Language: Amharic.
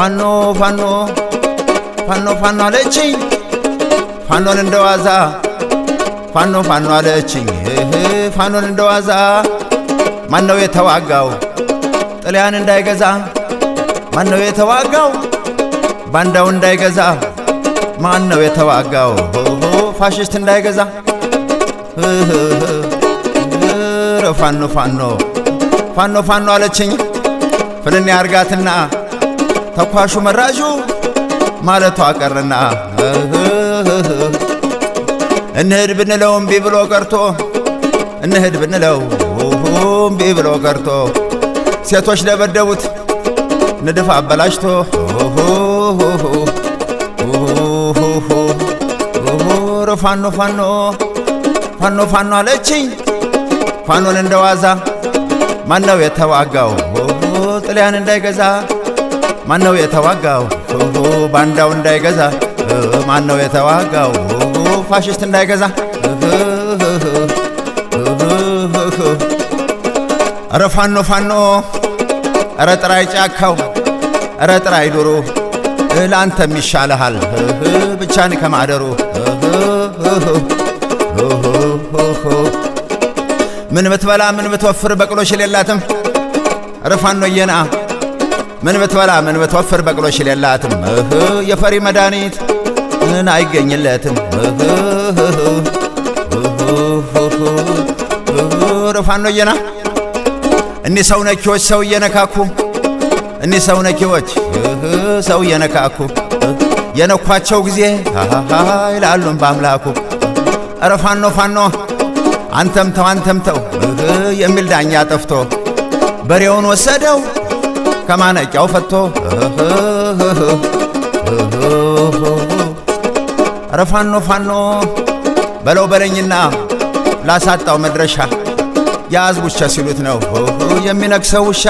ፋኖ ፋኖ ፋኖ ፋኖ አለችኝ ፋኖን እንደዋዛ ፋኖ ፋኖ አለችኝ ፋኖን እንደዋዛ ማነው የተዋጋው ጥልያን እንዳይገዛ ማነው የተዋጋው ባንዳው እንዳይገዛ ማነው የተዋጋው ፋሽስት እንዳይገዛ ፋኖ ፋኖ ፋኖ ፋኖ አለችኝ ፍልን ያርጋትና ተኳሹ መራዡ ማለቷ ቀርና እንሂድ ብንለው እምቢ ብሎ ቀርቶ እንሂድ ብንለው እምቢ ብሎ ቀርቶ ሴቶች ለበደቡት ንድፍ አበላሽቶ ፋኖ ፋኖ ፋኖ ፋኖ አለችኝ ፋኖን እንደዋዛ ማነው የተዋጋው ጥልያን እንዳይገዛ ማነው የተዋጋው ኮንጎ ባንዳው እንዳይገዛ? ማነው የተዋጋው ፋሽስት እንዳይገዛ? እረ ፋኖ ፋኖ፣ እረ ጥራይ ጫካው፣ እረ ጥራይ ዱሩ፣ ለአንተም ይሻልሃል ብቻን ከማደሩ። ምን ብትበላ ምን ብትወፍር በቅሎሽ የሌላትም። እረ የና? ምን ብትበላ ምን ብትወፍር በቅሎሽ የሌላትም የፈሪ መድኃኒት ምን አይገኝለትም። ፋኖ የና እኒህ ሰው ነኪዎች ሰው እየነካኩ እኒህ ሰው ነኪዎች ሰው እየነካኩ የነኳቸው ጊዜ ይላሉም በአምላኩ እረ ፋኖ ፋኖ አንተምተው አንተምተው የሚል ዳኛ ጠፍቶ በሬውን ወሰደው ከማነቂያው ፈቶ ኧረ ፋኖ ፋኖ በለው በለኝና ላሳጣው መድረሻ የአዝ ውሻ ሲሉት ነው የሚነክሰው ውሻ